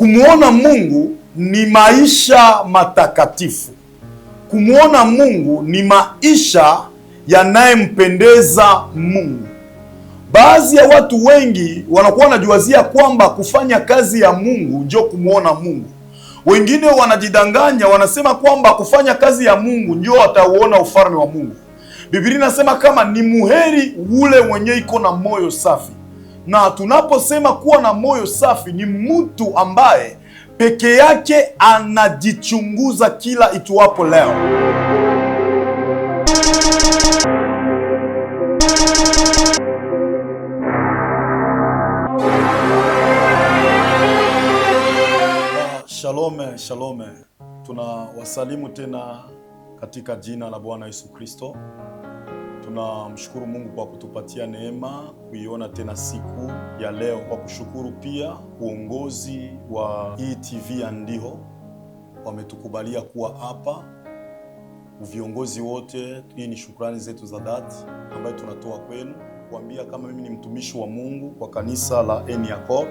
Kumwona Mungu ni maisha matakatifu. Kumwona Mungu ni maisha yanayempendeza Mungu. Baadhi ya watu wengi wanakuwa wanajiwazia kwamba kufanya kazi ya Mungu ndio kumwona Mungu. Wengine wanajidanganya, wanasema kwamba kufanya kazi ya Mungu ndio watauona ufalme wa Mungu. Biblia inasema kama ni muheri ule mwenye iko na moyo safi. Na tunaposema kuwa na moyo safi, ni mtu ambaye peke yake anajichunguza kila ituwapo leo. Shalome, shalome. Tunawasalimu tena katika jina la Bwana Yesu Kristo. Tunamshukuru Mungu kwa kutupatia neema kuiona tena siku ya leo, kwa kushukuru pia uongozi wa ETV ya Ndiho wametukubalia kuwa hapa, viongozi wote. Hii ni shukrani zetu za dhati ambayo tunatoa kwenu, kuambia kama mimi ni mtumishi wa Mungu kwa kanisa la Eniacor.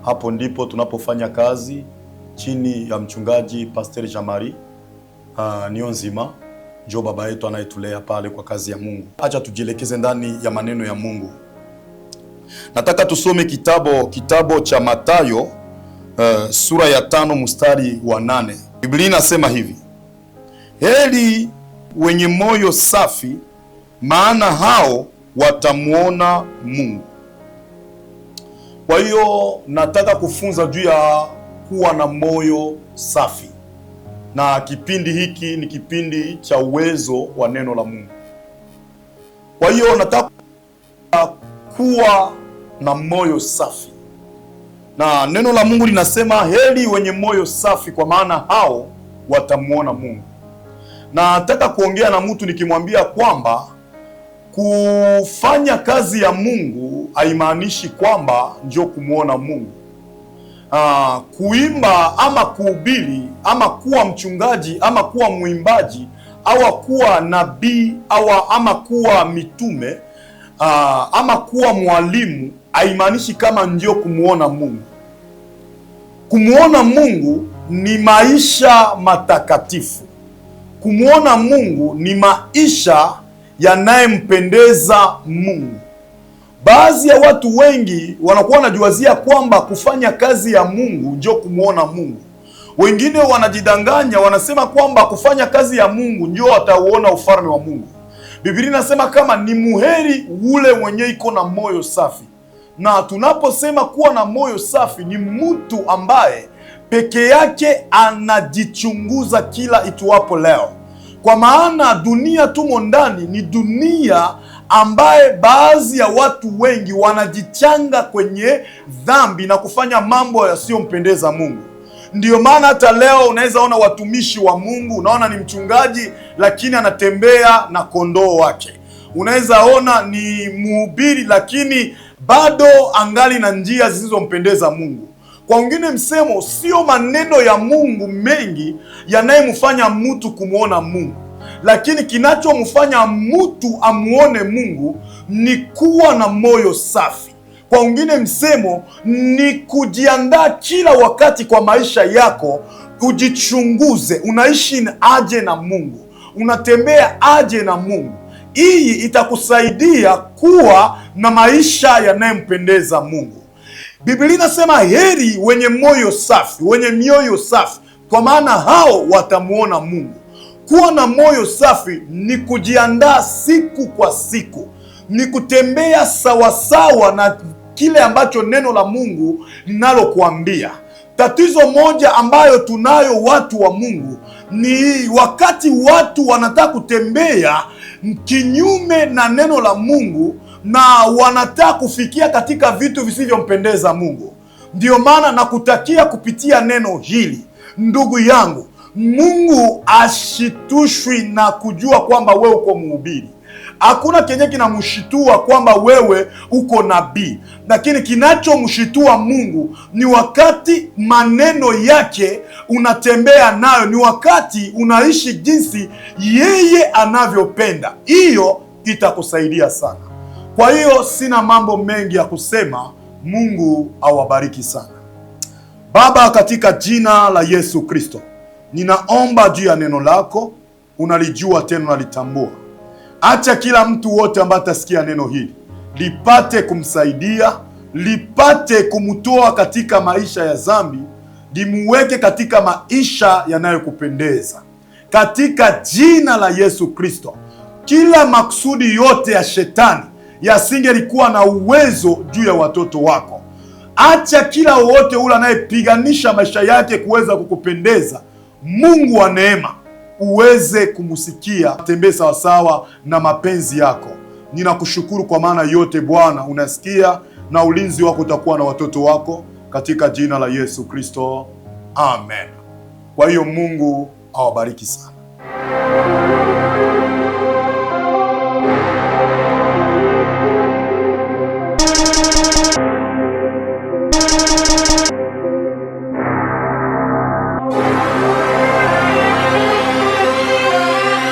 Hapo ndipo tunapofanya kazi chini ya mchungaji Pastor Jamari uh, ah, Nionzima jo baba yetu anayetulea pale kwa kazi ya Mungu. Acha tujielekeze ndani ya maneno ya Mungu. Nataka tusome kitabu kitabu cha Mathayo uh, sura ya tano mstari wa nane. Biblia inasema hivi: Heri wenye moyo safi, maana hao watamwona Mungu. Kwa hiyo nataka kufunza juu ya kuwa na moyo safi na kipindi hiki ni kipindi cha uwezo wa neno la Mungu. Kwa hiyo nataka kuwa na moyo safi, na neno la Mungu linasema heri wenye moyo safi, kwa maana hao watamwona Mungu. Na nataka kuongea na mtu nikimwambia kwamba kufanya kazi ya Mungu haimaanishi kwamba njoo kumwona Mungu uh, kuimba ama kuhubiri ama kuwa mchungaji ama kuwa mwimbaji au kuwa nabii au ama kuwa mitume uh, ama kuwa mwalimu haimaanishi kama ndio kumwona Mungu. Kumwona Mungu ni maisha matakatifu. Kumwona Mungu ni maisha yanayempendeza Mungu. Baadhi ya watu wengi wanakuwa wanajiwazia kwamba kufanya kazi ya Mungu ndio kumwona Mungu. Wengine wanajidanganya, wanasema kwamba kufanya kazi ya Mungu ndio watauona ufalme wa Mungu. Biblia inasema kama ni muheri ule mwenye iko na moyo safi, na tunaposema kuwa na moyo safi ni mtu ambaye peke yake anajichunguza kila ituwapo leo, kwa maana dunia tumo ndani ni dunia ambaye baadhi ya watu wengi wanajichanga kwenye dhambi na kufanya mambo yasiyompendeza Mungu. Ndiyo maana hata leo unaweza ona watumishi wa Mungu, unaona ni mchungaji lakini anatembea na kondoo wake. Unaweza ona ni mhubiri lakini bado angali na njia zilizompendeza Mungu. Kwa wengine msemo, sio maneno ya Mungu mengi yanayemfanya mtu kumwona Mungu lakini kinachomfanya mtu amuone Mungu ni kuwa na moyo safi. Kwa wengine msemo ni kujiandaa kila wakati kwa maisha yako, ujichunguze, unaishi aje na Mungu, unatembea aje na Mungu. Hii itakusaidia kuwa na maisha yanayempendeza Mungu. Biblia inasema heri wenye moyo safi, wenye mioyo safi, kwa maana hao watamwona Mungu. Kuwa na moyo safi ni kujiandaa siku kwa siku, ni kutembea sawasawa na kile ambacho neno la Mungu linalokuambia. Tatizo moja ambayo tunayo watu wa Mungu ni wakati watu wanataka kutembea kinyume na neno la Mungu na wanataka kufikia katika vitu visivyompendeza Mungu. Ndiyo maana nakutakia kupitia neno hili, ndugu yangu, Mungu ashitushwi na kujua kwamba wewe uko mhubiri. Hakuna kenye kinamshitua kwamba wewe uko nabii, lakini kinachomshitua Mungu ni wakati maneno yake unatembea nayo, ni wakati unaishi jinsi yeye anavyopenda. Hiyo itakusaidia sana. Kwa hiyo sina mambo mengi ya kusema. Mungu awabariki sana. Baba, katika jina la Yesu Kristo Ninaomba juu ya neno lako, unalijua tena unalitambua. Acha kila mtu wote ambaye atasikia neno hili lipate kumsaidia, lipate kumtoa katika maisha ya dhambi, limuweke katika maisha yanayokupendeza, katika jina la Yesu Kristo. Kila maksudi yote ya shetani yasingelikuwa na uwezo juu ya watoto wako. Acha kila wote ule anayepiganisha maisha yake kuweza kukupendeza Mungu wa neema uweze kumsikia, tembee sawasawa na mapenzi yako. Ninakushukuru kwa maana yote Bwana unasikia, na ulinzi wako utakuwa na watoto wako katika jina la Yesu Kristo, amen. Kwa hiyo Mungu awabariki sana.